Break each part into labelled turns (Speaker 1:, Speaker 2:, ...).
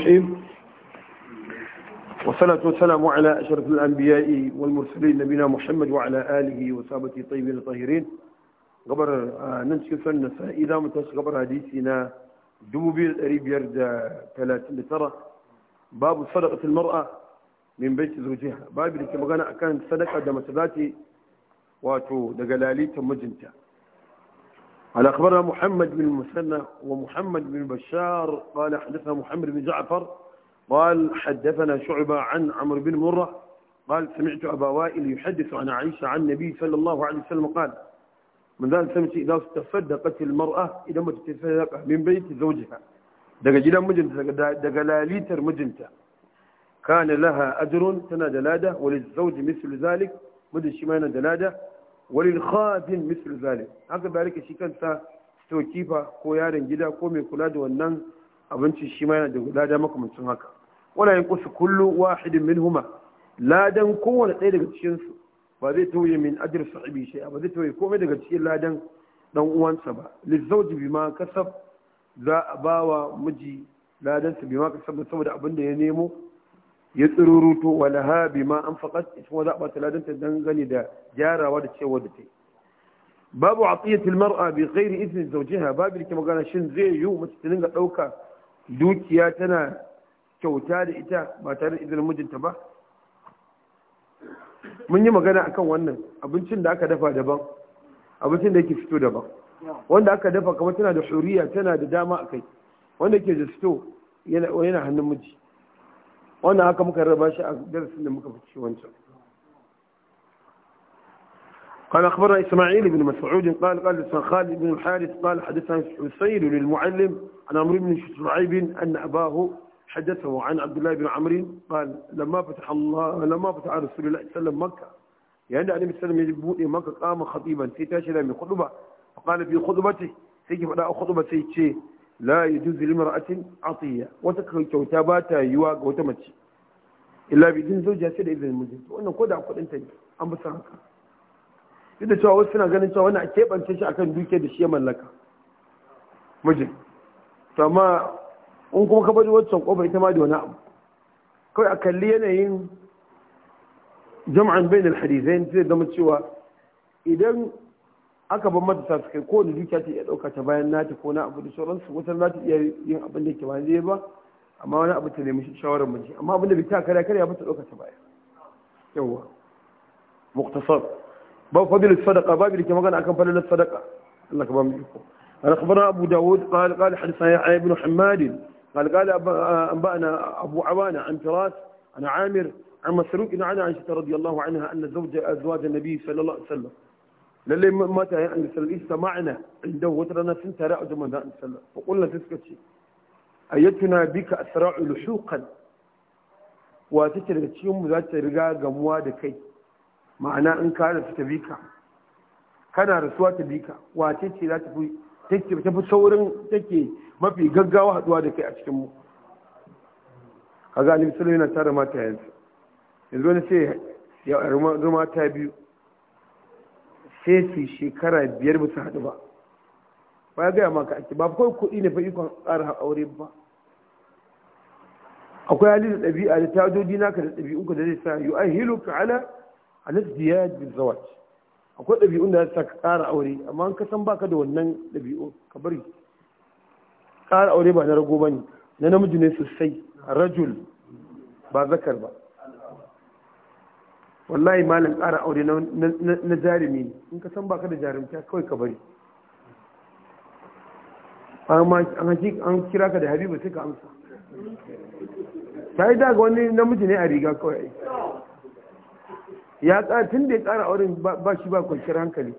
Speaker 1: الرحيم والصلاة والسلام على أشرف الأنبياء والمرسلين نبينا محمد وعلى آله وصحبه الطيبين الطاهرين قبر آه، ننشي فن إذا متش قبر حديثنا دوبيل ريبير ثلاثة لترى باب صدقة المرأة من بيت زوجها باب اللي كما كان صدقة دمت ذاتي واتو دقلالي تمجنتها قال أخبرنا محمد بن المثنى ومحمد بن بشار قال حدثنا محمد بن جعفر قال حدثنا شعبة عن عمرو بن مرة قال سمعت أبا وائل يحدث عن عائشة عن النبي صلى الله عليه وسلم قال من ذلك سمعت إذا تصدقت المرأة إذا ما تتصدق من بيت زوجها دقا جدا مجنتا دقا لاليتر مجنتا كان لها أجر تنا دلادة وللزوج مثل ذلك مدن شمانا دلادة walil khadin mislu zalim haka barika shi kansa stokifa ko yaron gida ko mai kula da wannan abincin shi ma yana da lada makamancin haka wala yanqusu kullu wahidin huma ladan kowane ɗaya daga cikin su ba zai tauye min ajr sa'ibi shi ba zai tauye komai daga cikin ladan dan uwansa ba lizawji bima kasab za a ba wa miji ladan sa bima kasab saboda abin da ya nemo ya tsiruruto wala ha ma an faƙas ita ma zaɓa taladanta dangane da gyarawa da cewa da ta babu a tsiyatul mar'a bi ghairi izinin zaujiha babu da ke magana shin zai yiwu mace ta dinga ɗauka dukiya tana kyauta da ita ba tare da izinin mijinta ba mun yi magana akan wannan abincin da aka dafa daban abincin da yake fito daban wanda aka dafa kamar tana da shuriya tana da dama a kai wanda ke da fito yana hannun miji wannan haka muka raba shi a darasin da muka fice wancan قال أخبرنا إسماعيل بن مسعود قال قال لسان خالد بن الحارث قال حدثنا حسين للمعلم عن عمر بن شعيب أن أباه حدثه عن عبد الله بن عمر قال لما فتح الله لما فتح رسول الله صلى الله عليه وسلم مكة يعني النبي صلى الله عليه وسلم مكة قام خطيبا في تاشر من خطبة فقال في خطبته سيجي على خطبة سيجي la yajuzu limra'atin atiya wata kyauta ba ta yiwa ga wata mace illa bi din zaujiya sai da izinin miji wannan ko da kudin ta an bi san haka duk da cewa wasu suna ganin cewa wannan a keɓance shi akan duke da shi ya mallaka mijin to amma in kuma ka bari wancan kofar ita ma da wani abu kawai a kalli yanayin jam'an bainal hadithain zai zama cewa idan aka ban mata ta kai kowane dukiya ta iya ɗauka ta bayan nati ko na abu da sauransu wata za ta iya yin abin da ke ba zai ba amma wani abu ta nemi shawarar miji amma abin da bai ta kare kare ya ta ɗauka ta baya yawwa muktasar ba fadil sadaqa ba da magana akan fadil sadaqa Allah ka ba mu iko an akhbara abu dawud qala qala hadithana ya ibn hammad قال قال أنبأنا أبو عوانة عن فراس عن عامر عن مسروق عن عائشة رضي الله عنها أن زوج أزواج النبي صلى الله عليه وسلم lalle mata ya an sallallahu ma'ana inda wata rana sun tare a zaman da an sallallahu fa kullu sai suka ce ayyatuna bika asra'u luhuqan wa take daga cikin mu za ta riga gamuwa da kai ma'ana in ka rasu ta bika kana rasuwa ta bika wa ce za ta fi take ta fi saurin take mafi gaggawa haduwa da kai a cikin mu kaga annabi sallallahu alaihi wasallam yana tare mata yanzu yanzu wani sai ya ruma ta biyu sai su shekara biyar ba su haɗu ba ba ya gaya maka ake ba kawai kuɗi ne fa ikon tsara aure ba akwai hali da ɗabi'a da tajoji naka da ɗabi'un ka da zai sa yi an hilo ka ala a nasdiya bin zawaj akwai ɗabi'un da sa ka ƙara aure amma ka san baka da wannan ɗabi'un ka bari tsara aure ba na rago ba ne na namiji ne sosai rajul ba zakar ba wallahi malam ƙara aure na jarumi ne in ka san baka da jarumta kawai ka bari an kira ka da habibu sai ka amsa ta yi daga wani namiji ne a riga kawai ya tsara tun da ya tsara auren ba shi ba kwanciyar hankali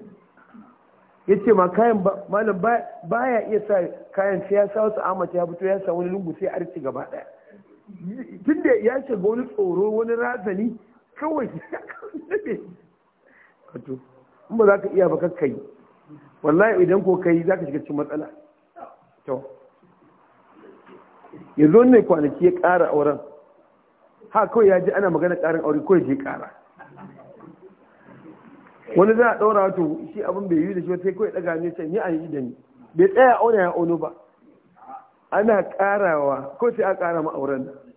Speaker 1: ya ce ma kayan malam ba ya iya sa kayan sai ya sa wasu amata ya fito ya sa wani lungu sai arci gaba daya tun da ya shiga wani tsoro wani razani kawai wato in ba za ka iya ba kai. wallahi idan ko kai za ka shiga cikin matsala to zo ne kwanaki ya ƙara auren ha kawai ya ji ana magana ƙarin aure kawai je ƙara wani za a ɗaura wato shi abin bai yi da shi wata sai kawai ɗaga ne sai ni a yi da ni bai tsaya auna ya auno ba ana ƙarawa kawai sai a ƙara ma auren nan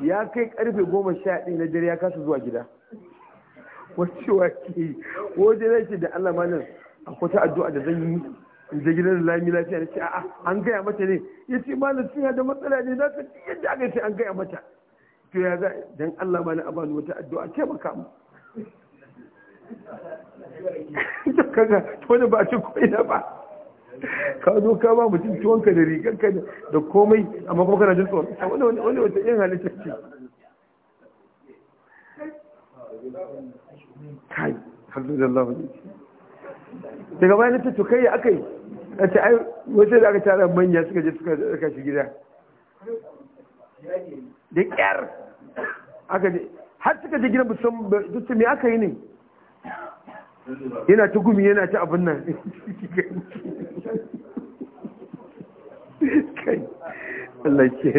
Speaker 1: ya kai karfe goma sha ɗaya na dare ya kasa zuwa gida wacewa ke wajen na da Allah ma nan addu'a da zan yi in gidan da lami lafiya na ce a'a an gaya mata ne ya ce ma na suna da matsala ne za ka yadda aka ce an gaya mata to ya za dan Allah ma abani wata addu'a ce maka mu kaga ba a ko ina ba ka zo ka ba mutum tuwonka da riganka da komai amma kuma kana jin tsoron wani wani wata yin halitta ce kai alhamdulillah ne daga bayan ta to kai yi a ce ai wata da aka tara manya suka je suka saka shi gida da kyar aka je har suka je gidan musamman duk me aka yi ne yana ta gumi yana ta abin nan Allah ke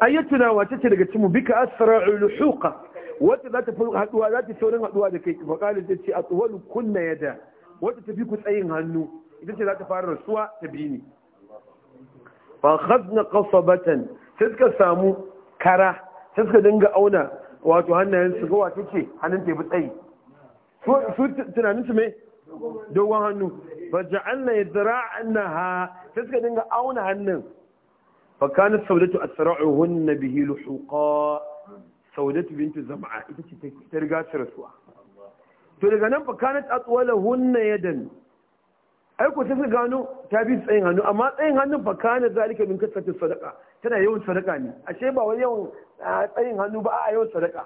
Speaker 1: ayyatuna wata ce daga cimu bika asara ulhuqa wata za ta fi haduwa za ta saurin haduwa da kai faƙali zai ce a tsohon kunna da. wata ta fi ku tsayin hannu ita ce za ta fara rasuwa ta bi ni fa khazna batan, sai suka samu kara sai suka dinga auna wato hannayen su ga wata ce hannun ta bi tsayi su tunanin su mai dogon hannu fa ja'alna yadra'naha ta suka dinga auna hannun fa kanat saudatu na bihi lusuka, saudatu bintu zam'a ita ce ta riga su rasuwa to daga nan fa kanat atwalahunna yadan ai ko sai su gano ta bi tsayin hannu amma tsayin hannun fa kana zalika min kasratu sadaka, tana yawan sadaka ne ashe ba wai yawan ah, tsayin hannu ba a yawan sadaka'.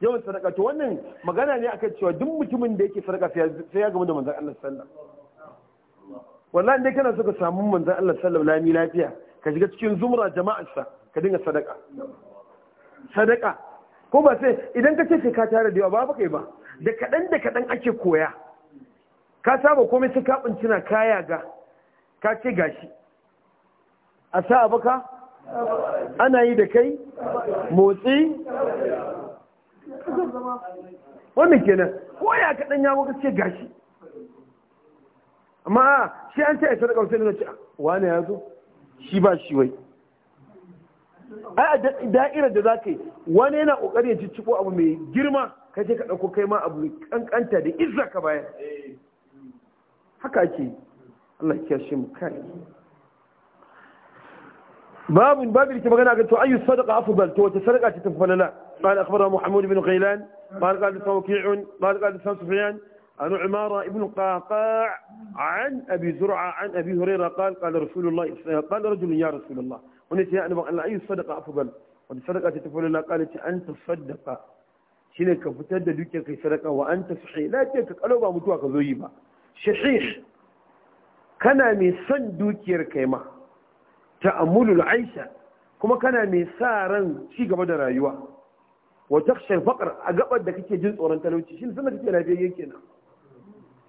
Speaker 1: yawan sadaka to wannan magana ne akan cewa duk mutumin da yake sadaka sai ya gamu da manzon Allah sallallahu wallahi dai kana so ka samu manzon Allah sallallahu alaihi lafiya ka shiga cikin zumra jama'arsa ka dinga sadaka sadaka ko ba sai idan ka ce ka tare da yawa ba kai ba da kadan da kadan ake koya ka saba komai sai ka bincina kaya ga ka ce gashi a sa baka ana yi da kai motsi wannan kenan ko ya kaɗan ya muka ce gashi amma shi an ce a sadaka wasu nuna ce wani ya zo shi ba shi wai a da'irar da za ka yi wani yana ƙoƙari ya ci abu mai girma ka ce ka ɗauko kai ma abu ƙanƙanta da izza ka baya haka ke Allah ya shi mu kai babu babu da ke magana ga to ayyu sadaqa afdal to wata sadaqa ce ta falala قال أخبرنا محمود بن غيلان قال قال وكيع قال قال سفيان عن عمارة بن قاقاع عن أبي زرعة عن أبي هريرة قال قال رسول الله قال رجل يا رسول الله ونسي أن أي صدقة أفضل والصدقة تقول الله قالت أنت الصدقة شنك فتد دوكك صدقة وأنت صحيح لا تنك قلوبا متوقع ذويبا شحيح كان من سن دوكيرك ما تأمل العيشة كما كان من سارا شيء قبل ايوه wa takhsha faqr a gabar da kake jin tsoron talauci shin da, kake lafiyayye kenan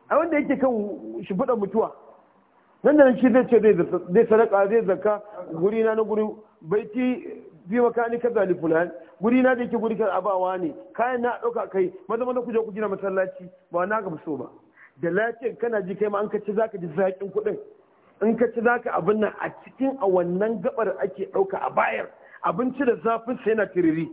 Speaker 1: a wanda yake kan fada mutuwa nan da nan shi zai ce zai sadaka zai zakka guri na na guri baiti bi makani kaza li fulan guri na da yake guri kan abawa ne kayan na dauka kai maza maza ku je ku gina masallaci ba na ga so ba da lafiyar kana ji kai ma an ka ci zaka ji zaƙin kuɗin in ka ci zaka abin nan a cikin a wannan gabar ake ɗauka a bayar abinci da zafin sai yana tiriri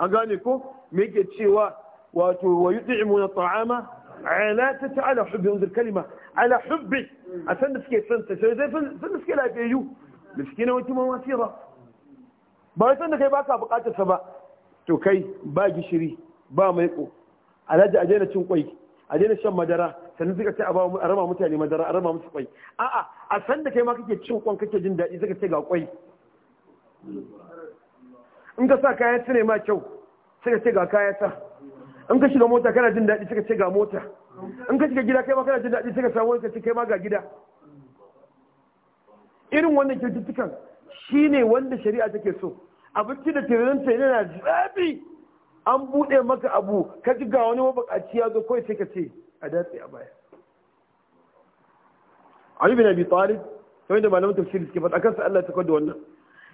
Speaker 1: an gane ko me yake cewa wato wa na ta'ama ala tata'ala hubbi da kalima ala hubbi a san da suke san ta sai dai san da suke lafiyayyu miskina wata kiman wasira ba san da kai ba ka bukatar sa ba to kai ba gishiri ba maiko alhaji a daina cin kwai a daina shan madara sannan suka ce a rama mutane madara a rama musu kwai a'a a san da kai ma kake cin kwan kake jin daɗi zaka ce ga kwai in ka sa kayan sune ma kyau sai ka ce ga kayan sa in ka shiga mota kana jin daɗi sai ka ce ga mota in ka shiga gida kai ma kana jin daɗi sai ka samu ka ce kai ma ga gida irin wannan kyaututtukan shine wanda shari'a take so abinci da tirinta yana zafi an buɗe maka abu ka ji ga wani mabukaci ya zo kawai sai ka ce a datse a baya Ali bin Abi Talib kamar da malamin tafsiri suke faɗa kansa Allah ta kwada wannan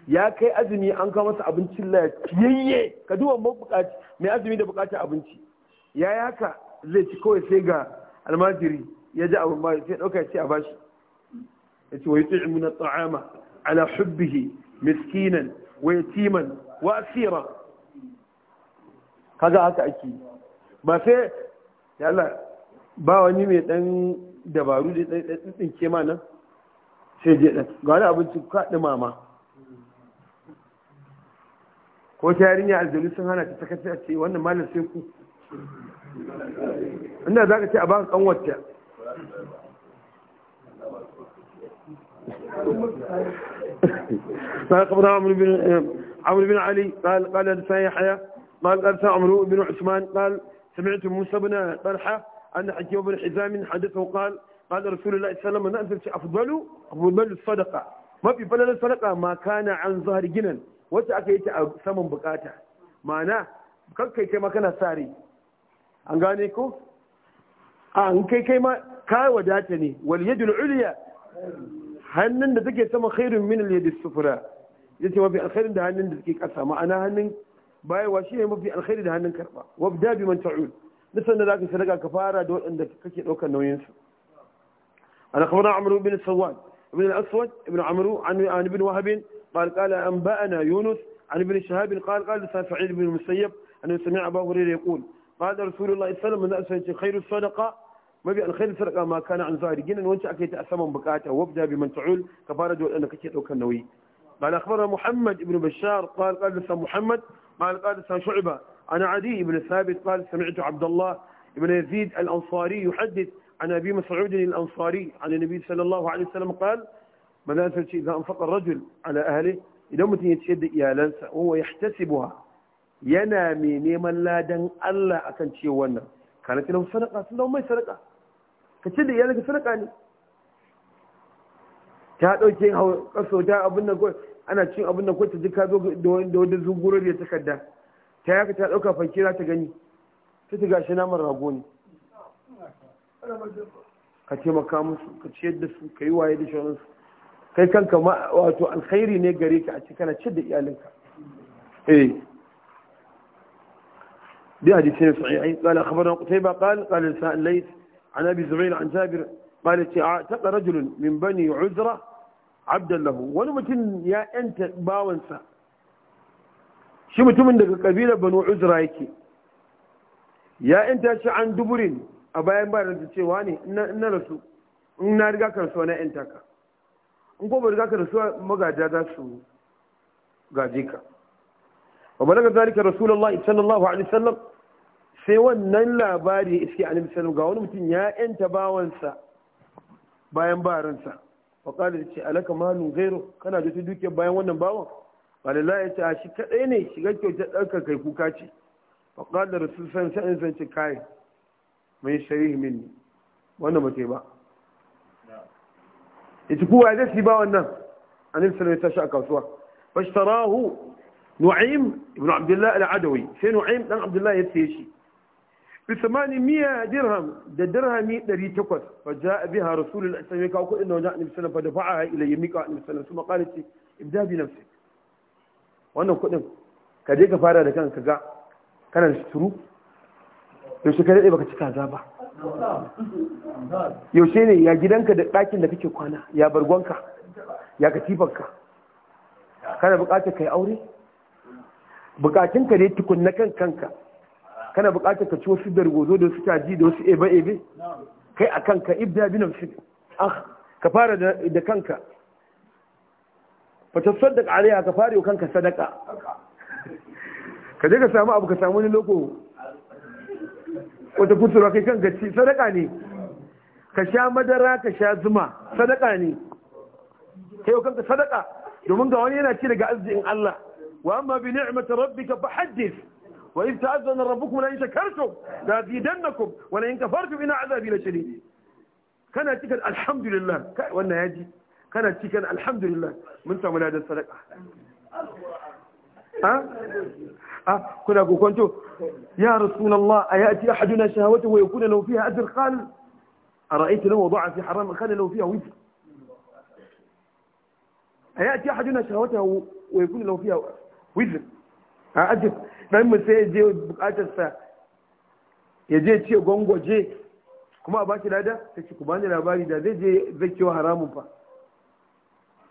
Speaker 1: ya kai azumi an kawo masa abincin lafiyayye ka duba mabukaci mai azumi da bukatar abinci ya yaka zai ci kawai sai ga almajiri ya ji abin bayan sai ɗauka ce a bashi ya ce wa yi tsi'in na ta'ama ala hubbihi miskinan wa yatiman wa asira kaga haka ake ba sai ya Allah ba wani mai dan dabaru da ɗin ke ma nan sai je ɗan ga wani abinci ka ɗumama wata yarinya aljanu sun hana ta sakaci a ce wannan malam sai ku inda za ka ce a ba ka kanwata قال قبر عمرو بن عمرو بن علي قال قال حدثنا يحيى قال قال عمرو بن عثمان قال سمعت موسى بن طلحه ان حكيم بن حزام حدثه قال قال رسول الله صلى الله عليه وسلم ان نعم، افضل افضل الصدقه ما في فضل الصدقه ما كان عن ظهر جنن wacce aka yi ta a saman bukata ma'ana kakkai kai ma kana sare an gane ko a an kai kai ma ka wadata ne wal yadul ulya hannun da take sama khairun min al yadis sufra yace mafi alkhairin da hannun da take kasa ma'ana hannun bayarwa ne mafi alkhairi da hannun karba wabda bi man ta'ul nisan da zaka sadaka ka fara da wadanda kake daukar nauyin su ana khabara amru bin sawad ibn al-aswad ibn amru an ibn wahab قال قال أنبأنا يونس عن ابن شهاب قال قال سعيد بن المسيب أنه سمع أبا هريرة يقول قال رسول الله صلى الله عليه وسلم خير الصدقة ما بي الخير الصدقة ما كان عن ظاهر جنا وانت أكيد أسمى بكاته وابدأ بمن تعول كبارد أنك كثير أو قال أخبرنا محمد بن بشار قال قال لسان محمد قال قال لسان شعبة أنا عدي بن ثابت قال سمعت عبد الله بن يزيد الأنصاري يحدث عن أبي مسعود الأنصاري عن النبي صلى الله عليه وسلم قال manzon sun ce idan anfaqa rajul ala ahli idan mutum ya ciyar da iyalansa wa yahtasibuha yana mai neman ladan Allah akan ce wannan kana tilan sadaka sun mai sadaka ka ce da iyalanka sadaka ne ta dauke kaso ta abin nan ana cin abun nan ko ta duka zo da wani zunguro da takarda ta yaka ta dauka fankira ta gani ta ta gashi naman rago ne ka ce taimaka musu ka ciyar yadda su ka yi waye da shawararsu kai kanka ma wato alkhairi ne gare ka a cikin ce da iyalinka eh bi hadisi ne sahihi qala khabaran qutayba qala qala sa'al lays an abi zubair an jabir qala ta ah, taqa rajul min bani uzra abdan lahu wani mutum ya yanta bawansa shi mutumin daga kabilar banu uzra yake ya yanta shi an duburin a bayan bayan da cewa ne ina na rasu in na riga kan so na yanta in ko bari riga ka rasuwa magaja za su gaje ka wa balaga zalika rasulullahi sallallahu alaihi wasallam sai wannan labari ya iske annabi sallallahu ga wani mutum ya yanta bawansa bayan baransa wa qala ce alaka malu ghayru kana da duke bayan wannan bawan qala ya ce shi kadai ne shiga kyautar ɗarka kai kuka ce wa qala rasul sallallahu alaihi wasallam sai ce kai mai sharihi minni wannan ba ba yace kowa zai ba wannan annabi sallallahu alaihi wasallam ya tashi a kasuwa fashtarahu nu'aym ibn abdullah al sai nu'aym dan abdullah ya siya shi bi miya dirham da dirhami 800 fa jaa biha rasulullahi sallallahu alaihi wasallam ka ko inda wajen annabi sallallahu alaihi wasallam fa ila yamika annabi sallallahu alaihi wasallam qala ti ibda bi wannan ka fara da kanka ga kana suturu yaushe ka daɗe baka ci kaza ba yaushe ne ya gidanka da ɗakin da kake kwana ya bargonka ya katifanka kana buƙatar kai aure buƙatunka ne tukun na kan kanka kana buƙatar ka ci wasu dargozo da wasu caji da wasu ebe-ebe kai a kanka ibda bi nafsi ah ka fara da kanka fata sadaka alaiha ka fara yau kanka sadaka ka je ka samu abu ka samu wani loko wata kuturwa kai kan gaci sadaka ne ka sha madara ka sha zuma sadaka ne kai kanka sadaka domin ga wani yana ci daga arzikin Allah wa amma bi ni'mati rabbika fa haddith wa idh ta'azzana rabbukum la in shakartum la azidannakum wa la in kafartum ina azabi la shadid kana cikin alhamdulillah kai wannan yaji kana cikin alhamdulillah mun samu ladan sadaka ha ah kuna kokonto ya rasulullah ayati ahaduna shahawatu wa yakuna a fiha ajr qal ara'ayta law wada'a fi haram qala lahu a wizr ayati ahaduna shahawatu wa yakuna lahu fiha wizr a ajr dan mu sai je bukatar sa ya je ce gongoje kuma a bashi lada ta ce ku bani labari da zai je zai kewa haramun fa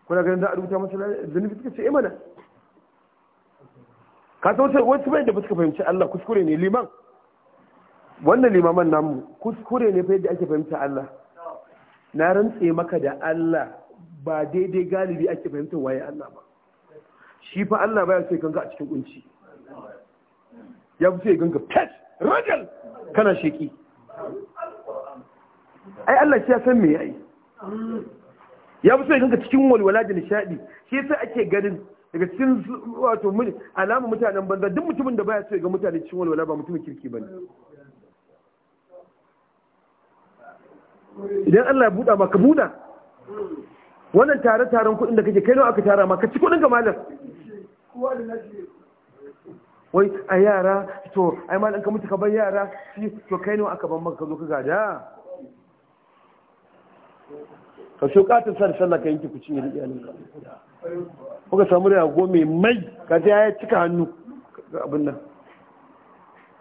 Speaker 1: kuna ganin za a rubuta masa zunubi suka ce imana eh, ka san wasu bai da suka fahimci Allah kuskure ne liman wannan limaman namu kuskure ne fa yadda ake fahimta Allah na rantse maka da Allah ba daidai galibi ake fahimci waye Allah ba shi fa Allah baya so ya ganga a cikin kunci ya fi sai ya pet rajal kana sheki ai Allah shi ya san me yayi ya fi sai ya cikin walwala da nishadi shi sai ake ganin daga cikin wato mun alama mutanen banza duk mutumin da baya so ga mutane cikin walwala ba mutumin kirki bane idan Allah ya buɗa maka buɗa wannan tare taren kuɗin da kake kai nawa aka tara maka ci kuɗin ga malam wai a yara to ai malam ka mutu ka bar yara shi to kai nawa aka ban maka ka zo ka gada ka shuka ta sar sallah ka yanki ku ci iyalin ka kuka samu yago mai mai ka je ya cika hannu ga abin nan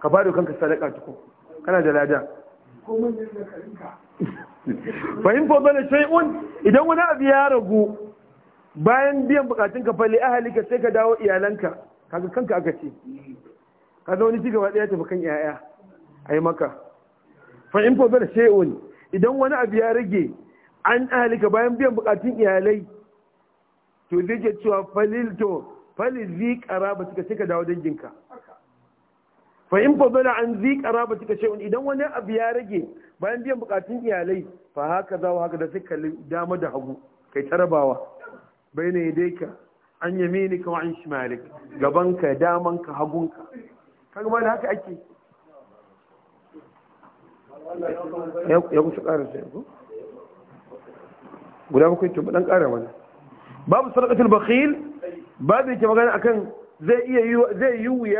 Speaker 1: ka ba da kanka sadaka tuko kana da lada fahim ko bane un idan wani abu ya ragu bayan biyan bukatun ka fali ahalika sai ka dawo iyalanka kaga kanka aka ce ka zo wani ci gaba daya tafi kan yaya ai maka fahim ko bane un idan wani abu ya rage an ahalika bayan biyan bukatun iyalai to zai ke cewa falil to falil zikara ba suka sai ka dawo danginka fa in bala an zikara ba suka ce idan wani abu ya rage bayan biyan bukatun iyalai fa haka zawo haka da suka kalli dama da hagu kai tarabawa bai ne dai ka an yamini ka wa'an shimalik gabanka damanka hagunka kaga ma da haka ake ya kusa ƙara sai guda bakwai to ɗan ƙara wani babu sadakatul bakhil babu yake magana akan zai iya yi zai yi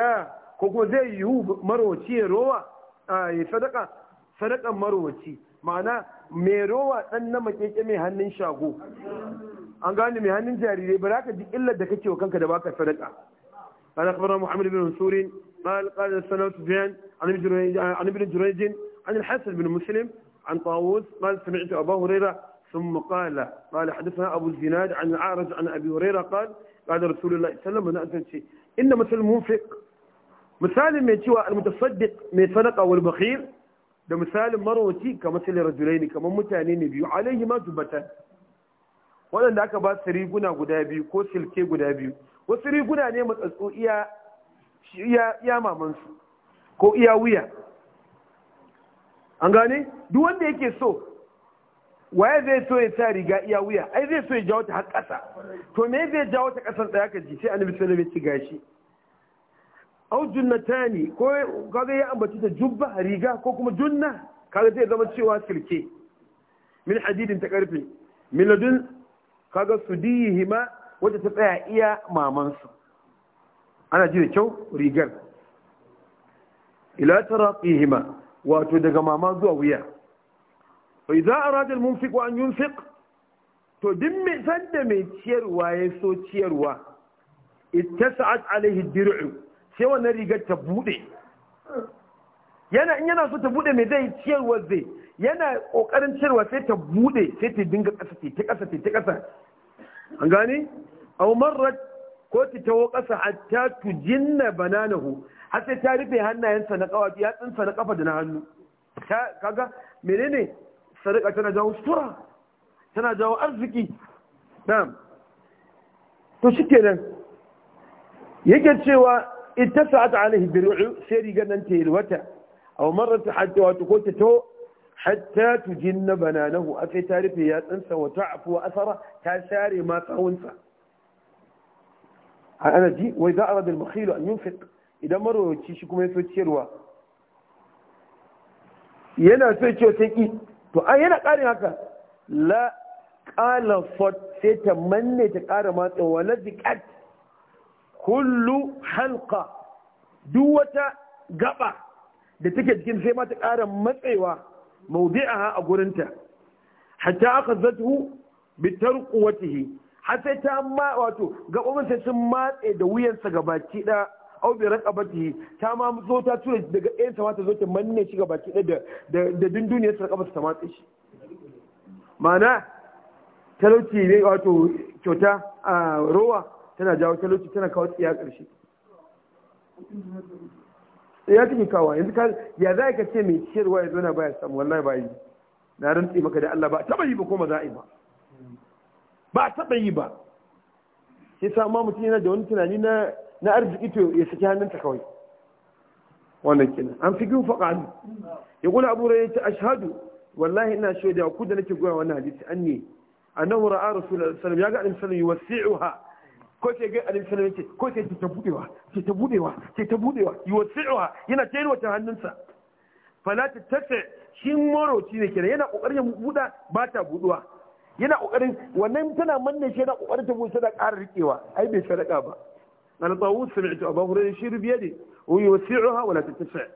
Speaker 1: ko kuma zai yi marwaci ya rowa a ya sadaka sadakan marwaci ma'ana me rowa dan na makeke mai hannun shago an gane mai hannun jarirai ba za ka ji illar da kake wa kanka da baka sadaka قال أخبرنا محمد بن منصور قال قال السنة سفيان عن ابن جريج عن الحسن بن مسلم عن طاووس قال سمعت أبا هريرة ثم قال قال حدثنا أبو الزناد عن العارج عن أبي هريرة قال قال رسول الله صلى الله عليه وسلم إن مثل المنفق مثال من شوى المتصدق من صدقة والبخيل ده مثال مروتي كمثل رجلين كما متانين بيو عليه ما جبتا wannan da aka ba su riguna guda biyu ko silke guda biyu wasu riguna ne matsatsu iya iya mamansu ko iya wuya an gane duk wanda yake so waye zai so ya sa riga iya wuya ai zai so ya jawo ta har ƙasa to me zai jawo ta ƙasan tsaya ka ji sai annabi sallallahu alaihi wasallam ya ci gashi au junnatani ko kaga ya ambaci ta jubba riga ko kuma junna kaga zai zama cewa silke min hadidin ta karfe min ladun kaga sudihima wacce ta tsaya iya mamansu ana ji da kyau rigar ila taraqihima wato daga mama zuwa wuya fa idza arada al-munfiq an yunfiq to duk mai sanda mai ciyarwa ya so ciyarwa ittasa'at alaihi dir'u sai wannan rigar ta bude yana in yana so ta bude mai zai ciyarwa zai yana kokarin ciyarwa sai ta bude sai ta dinga kasa ta kasa ta kasa an gane aw marrat ko ta tawo kasa hatta tujinna bananahu har sai ta rufe hannayensa na kawafi yatsunsa na kafa da na hannu kaga menene sadaka tana jawo sutura tana jawo arziki na'am to shikenan yake cewa ittasa'at alaihi bir'u sai rigar nan ta yalwata aw marrat hatta wa ko ta to hatta tujinna bananahu a sai ta rufe ya tsansa wa ta'fu wa asara ta share ma tsawunsa ana ji wai za a rabin makhilu an yunfiq idan marowaci shi kuma ya so ciyarwa yana so ya ce ta ki to an yana ƙarin haka la ƙala fort sai ta manne ta ƙara matsin wala zikat kullu halka duk wata gaba da take jikin sai ma ta ƙara matsewa maudi'a a gurinta hatta aka zatu bitar kuwatihi har sai ta ma wato gaɓoɓin sai sun matse da wuyansa gabaki ɗaya au bi raqabati ta ma zo ta tura daga ɗayan sama ta zo ta manne shi gaba ki da da dunduniyar ta raqaba ta matse shi ma'ana talauci ne wato kyauta a rowa tana jawo talauci tana kawo tsiya ƙarshe ya take kawo yanzu ka ya za ka ce mai ciyarwa ya zauna baya samu wallahi ba yi na rantsi maka da Allah ba taba yi ba kuma za a yi ba ba taba yi ba sai sa ma mutum yana da wani tunani na na arziki to ya saki hannunta kawai wannan kenan an fi gun faqa an ya gula abu rayya ta ashhadu wallahi ina shaida ku da nake goya wannan hadisi anni annahu ra'a rasulullahi sallallahu alaihi wasallam ya ga annabi sallallahu alaihi wasallam yuwasi'uha ko sai ga annabi sallallahu alaihi wasallam ko ce ta budewa ce ta budewa sai ta budewa yuwasi'uha yana ta yalwata hannunsa fala ta tafe. shin moroci ne kenan yana kokarin ya buda ba ta buduwa yana kokarin wannan tana manne shi yana kokarin ta busa da ƙara riƙewa ai bai sadaka ba أنا طاووس سمعت أبا هريرة يشير بيده ويوسعها ولا تتسع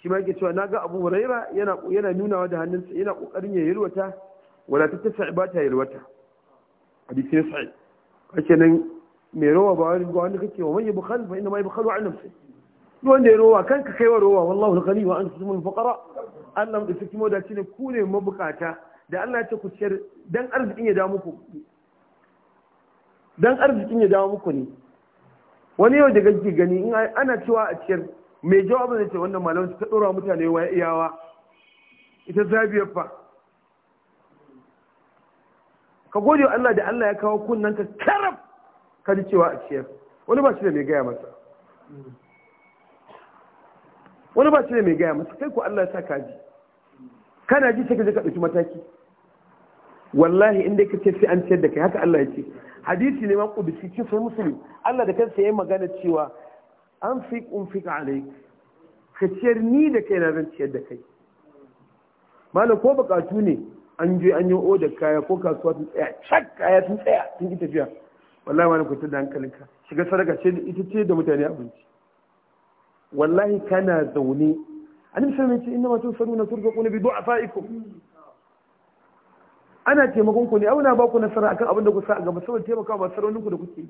Speaker 1: shi ma yake cewa naga Abu Huraira yana yana wa da hannunsa yana kokarin ya yalwata wala tattasa ba ta yalwata hadisi ne sai kake nan me rowa ba wani ga wanda kake wa man yabkhal fa inna ma yabkhalu an nafsi duk wanda ya rowa kanka kai wa rowa wallahu al-ghani wa antum al-fuqara Allah da cikin modaci ne ku ne mabukata da Allah ya ce ku ciyar dan arzikin ya dawo muku dan arzikin ya dawo muku ne wani yau da gaske gani in ana cewa a ciyar mai jawabin da ce wannan malamci ta dora mutane wa iyawa ita zabiyar fa ka gode wa Allah da Allah ya kawo kunnan ka karab ka ji cewa a ciyar wani ba shi da mai gaya masa wani ba shi da mai gaya masa kai ko Allah ya sa ka ji kana ji sai ka je ka ɗauki mataki wallahi inda ka ce sai an ciyar da kai haka Allah ya ce hadisi ne man kubisi ce sai musulmi Allah da kansa ya magana cewa an fi unfi ka alai ka ciyar ni da kai na zan ciyar da kai malam ko bukatu ne an je an yi odar kaya ko kasuwa sun tsaya cak kaya sun tsaya sun ita tafiya wallahi malam ku da hankalinka shiga sadaka ce ita ce da mutane abinci wallahi kana zaune annabi sallallahu alaihi wasallam ya ce inna ma ko turzaquna bi du'afaikum ana taimakon ku ne auna ba ku nasara akan abin da ku sa a gaba saboda taimakawa ku da kuke yi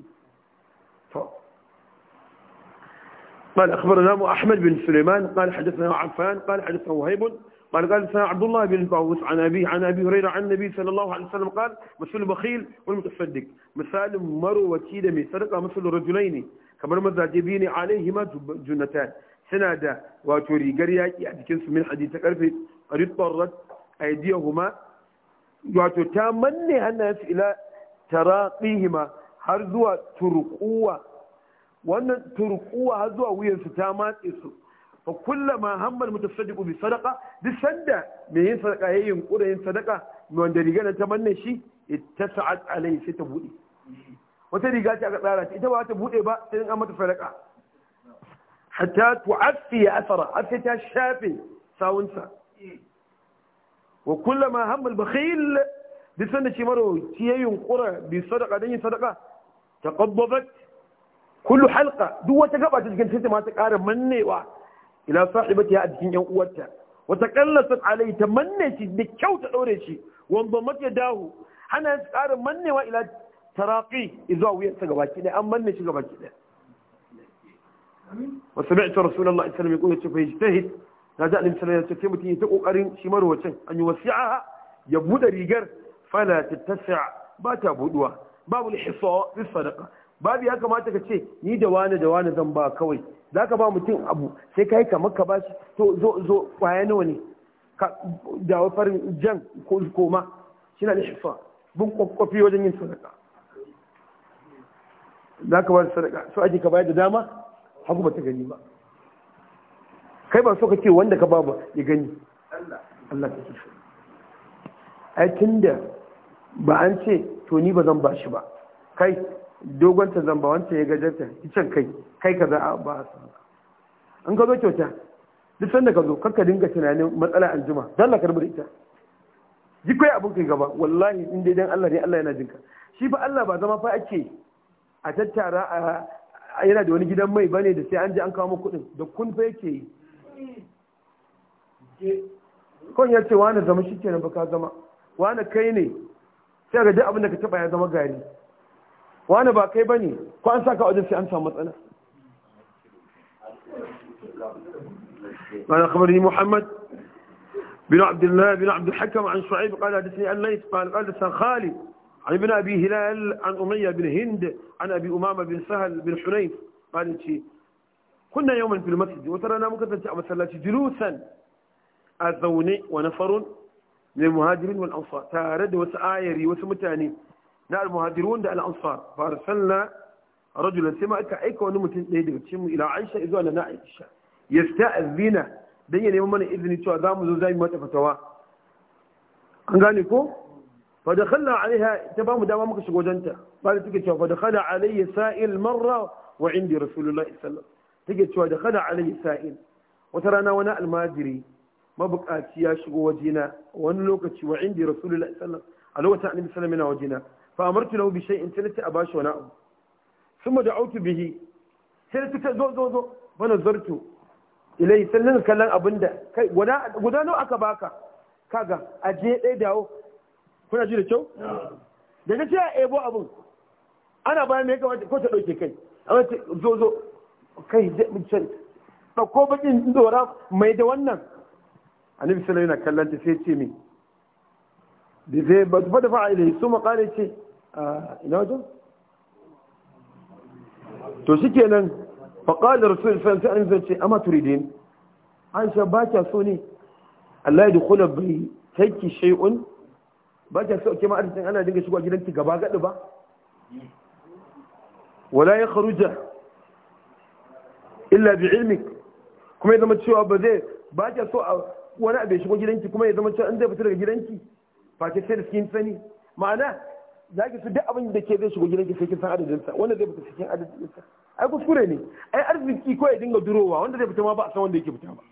Speaker 1: قال أخبرنا أحمد بن سليمان قال حدثنا عفان قال حدثنا وهيب قال قال سنا عبد الله بن طاووس عن أبي عن أبي هريرة عن النبي صلى الله عليه وسلم قال مثل البخيل والمتصدق مثال مرو وكيد من سرقة مثل رجلين كما مزاجبين عليهما جنتان سنادة وتوري يعني يأتي من حديث أرفي قد اضطرت أيديهما wato ta manne hannayensu ila ɗihima har zuwa Turkuwa. wannan Turkuwa har zuwa wuyansu ta matse su fa kullama mutu mutasaddiqu bi sadaka duk sanda mai yin sadaka yin kura yin sadaka mai wanda riga ta manne shi ittasa'at alai sai ta buɗe. wata riga ce aka tsara ita ba ta buɗe ba sai an mata sadaka hatta tu'affi asara har sai ta shafe sawunsa وكلما هم البخيل بسنة شمره تيهيون قرى بصدقة دي صدقة تقبضت كل حلقة دوة تقبضت لكن ما تقارب مني وا. إلى صاحبتها أدكين يوم وتقلصت عليه تمنيت بكو تأوريشي وانضمت يداه أنا أتقارب مني وإلى تراقي إذا ويأت تقبضت لي أم مني تقبضت لي وسمعت رسول الله صلى الله عليه وسلم يقول يجتهد na ji annabi sallallahu alaihi wasallam mutum ya ta kokarin shi marwacin an yi wasi'a ya bude rigar fala tattasi'a ba ta buduwa babu lihisa fi sadaqa babu ya kamata ka ce ni da wani da wani zan ba kawai zaka ba mutum abu sai kai kamar ka shi to zo zo kwaya nawa ne ka dawo farin jan ko koma shine lihisa bin kokkofi wajen yin sadaqa zaka ba sadaqa so aje ka bayar da dama hagu ba ta gani ba kai ba so ka ce wanda ka ba ba ya gani Allah ka kishi ai tunda ba an ce to ni ba zan ba shi ba kai dogon ta zan ba wancan ya gajarta kicin kai kai ka za a ba a san an ka zo kyauta duk sanda ka zo kanka dinga tunanin matsala an juma zan lakar karbi ita ji kai abin kai gaba wallahi in dai dan Allah ne Allah yana jinka shi ba Allah ba zama fa ake a tattara a yana da wani gidan mai bane da sai an ji an kawo kuɗin da kun fa yake yi kon ya ce wani zama shi kenan ba ka zama wani kai ne sai ga duk abin da ka taba ya zama gari wani ba kai bane ko an saka wajen sai an samu matsala قال أخبرني bin بن عبد bin بن عبد an عن قال حدثني أن ليس قال قال خالد عن ابن أبي هلال عن أمية بن هند عن أبي أمامة بن سهل بن حنيف قال كنا يوما في المسجد وترانا مكتنجة مسلاتي جلوسا الزوني ونفر من المهاجرين والأنصار تارد وسآيري وسمتاني نا المهاجرون دا الأنصار فارسلنا رجلا سماء كأيك ونمتن نهدك إيه تشمو إلى عائشه إذو أنا نعيشة يستأذينا دي يعني ممان إذن تو يتوى ذام زوزاي موتا فتوى أنغانيكو فدخلنا عليها تبام دا ممكش غوجانتا فالتك فدخل علي سائل مرة وعندي رسول الله صلى الله عليه وسلم take cewa da kada alayhi sa'il wata rana wani almajiri mabukaci ya shigo wajena wani lokaci wa indi rasulullahi sallallahu a lokacin annabi sallallahu alaihi wajena fa amartu lahu bi shay'in tilati a bashi wani abu thumma da'awtu bihi sai ta zo zo zo bana zartu ilai sallan kallon abinda kai guda nawa aka baka kaga aje dai dawo kuna ji da kyau Da daga ce a ebo abun ana bayan me kamata ko ta dauke kai amma zo zo kai ɗauko bakin dora mai da wannan annabi sallallahu na kallon ta sai ce min da zai ba ta fada fa'ila su makare ce a ina wajen to shi kenan faƙalar rasul sallallahu alaihi wasallam ce amma turidin aisha ba kya so ne Allah ya dukula bai taiki shay'un ba kya so ke ma arzikin ana dinga shigo a gidanki gaba gadi ba wala ya kharuja illa bi ilmik kuma ya zama cewa ba zai ba ka so a wani abu ya shigo gidanki kuma ya zama cewa an zai fita daga gidanki ba ka sai da cikin sani ma'ana za ki su duk abin da ke zai shigo gidanki sai kin san adadinsa wanda zai fita cikin adadinsa ai kuskure ne ai arziki ko ya dinga durowa wanda zai fita ma ba a san wanda yake fita ba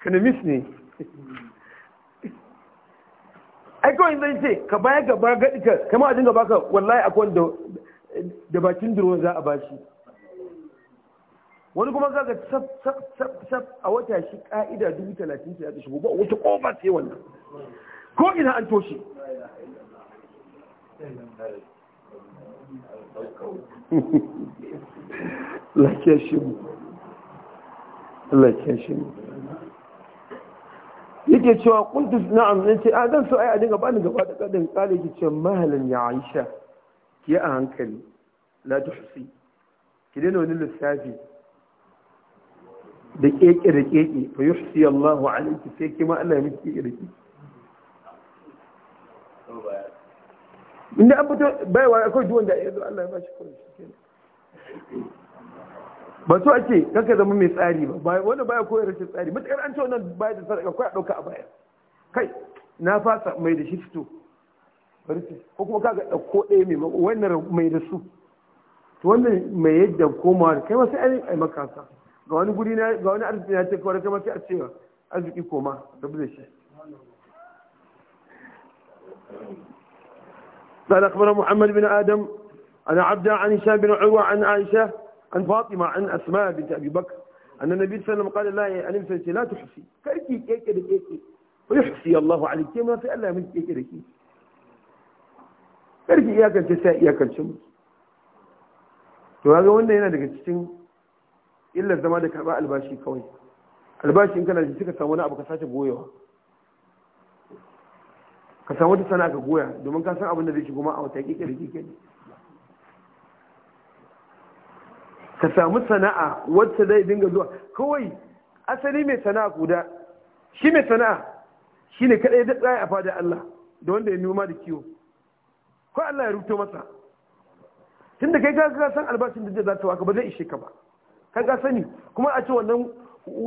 Speaker 1: economist ne ai kawai zai ce ka baya gaba gaɗi ka kama a dinga baka wallahi akwai wanda da bakin durwa za a bashi wani kuma ka sab sab sab a wata shi ka'ida dubu talatin sai ta shigo ba wata kofa sai wannan ko ina an toshe lafiya shi yake cewa kuntus na ne ce a zan so ai a dinga bani gaba da kadin kale ki ce mahalin ya aisha ki a hankali la tuhsi ki daina wani lissafi da keke da keke fa yuhsi Allahu alayki sai ki ma Allah ya miki keke da keke inda an fito baiwa akwai duwan da yanzu Allah ya bashi kawai shi ba so ake kaka zama mai tsari ba wanda baya koyar rashin tsari matakar an ce wannan baya da sarƙa akwai a ɗauka a baya kai na fasa mai da shi fito ko kuma kaga ɗauko ɗaya mai wannan mai da su to wannan mai yadda kai ma sai ai ga wani guri na ga wani arziki na kai ma sai a ce arziki koma shi قال أخبر محمد بن آدم انا عبد عن هشام بن عروة عن عائشة عن فاطمة عن أسماء بنت أبي بكر أن النبي صلى الله عليه وسلم قال لا يعني أنا لا تحصي كيكي كيكي كيكي ويحصي الله عليك كما في الله من كيكي كيكي karki iyakance sai iyakance mu to kaga wannan yana daga cikin illa zama da karɓar albashi kawai albashi in kana da suka samu wani abu ka sace goyawa ka samu wata sana'a ka goya domin ka san abin da zai shigo ma a wata kike da kike ne ka samu sana'a wacce zai dinga zuwa kawai asali mai sana'a guda shi mai sana'a shi ne kaɗai da tsaye a fadar Allah da wanda ya nuna da kiwo ko Allah ya rubuto masa tunda kai ka san albashin da zai zata ka ba zai ishe ka ba kan ka sani kuma a ce wannan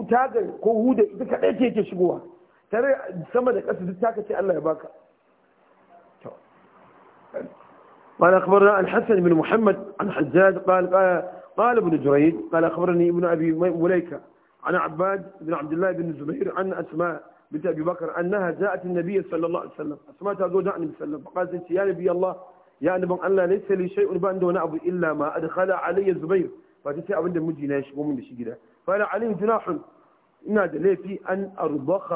Speaker 1: taga ko huda ita kaɗai ce yake shigowa tare sama da ƙasa duk taka ce Allah ya baka قال أخبرنا الحسن بن محمد عن حجاج قال قال, ابن جريج قال أخبرني ابن أبي مليكة عن عباد بن عبد الله بن الزبير عن بنت أبي بكر أنها جاءت النبي صلى الله عليه وسلم أسمعت أقول عن النبي صلى الله عليه وسلم فقالت يا نبي الله يا نبي الله ليس لي شيء بأن وأنا أبو إلا ما أدخل علي الزبير فتسي أبدا مجي ناش ومن الشجرة فأنا عليه جناح إن هذا لي في أن أرضخ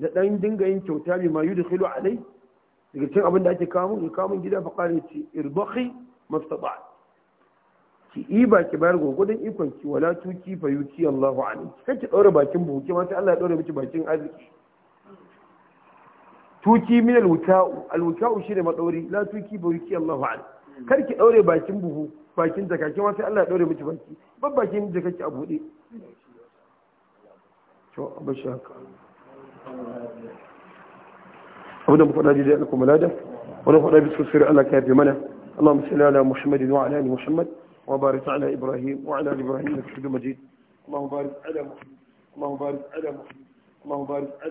Speaker 1: لأن دنجا ينتو تابي ما يدخل علي لكن أبدا أتي كامل كامل جدا فقالت ارضخي ما استطعت ki iba baki bayar gwargwadon ikon ki wala tuki fa yuki Allahu alayki kake daure bakin buke ma sai Allah ya daure miki bakin arziki tuki min alwuta'u alwuta'u shine madauri la tuki fa yuki Allahu alayki kar ki daure bakin buhu bakin jaka ma sai Allah ya daure miki baki ban bakin jaka ki a bude to abashaka abinda mu faɗa daidai alkumalada wani faɗa bisu sirri Allah ka yafe mana اللهم صل على محمد وعلى ال محمد وبارك على إبراهيم وعلى إبراهيم إنك حميد مجيد اللهم بارك على محمد اللهم بارك على محمد اللهم بارك على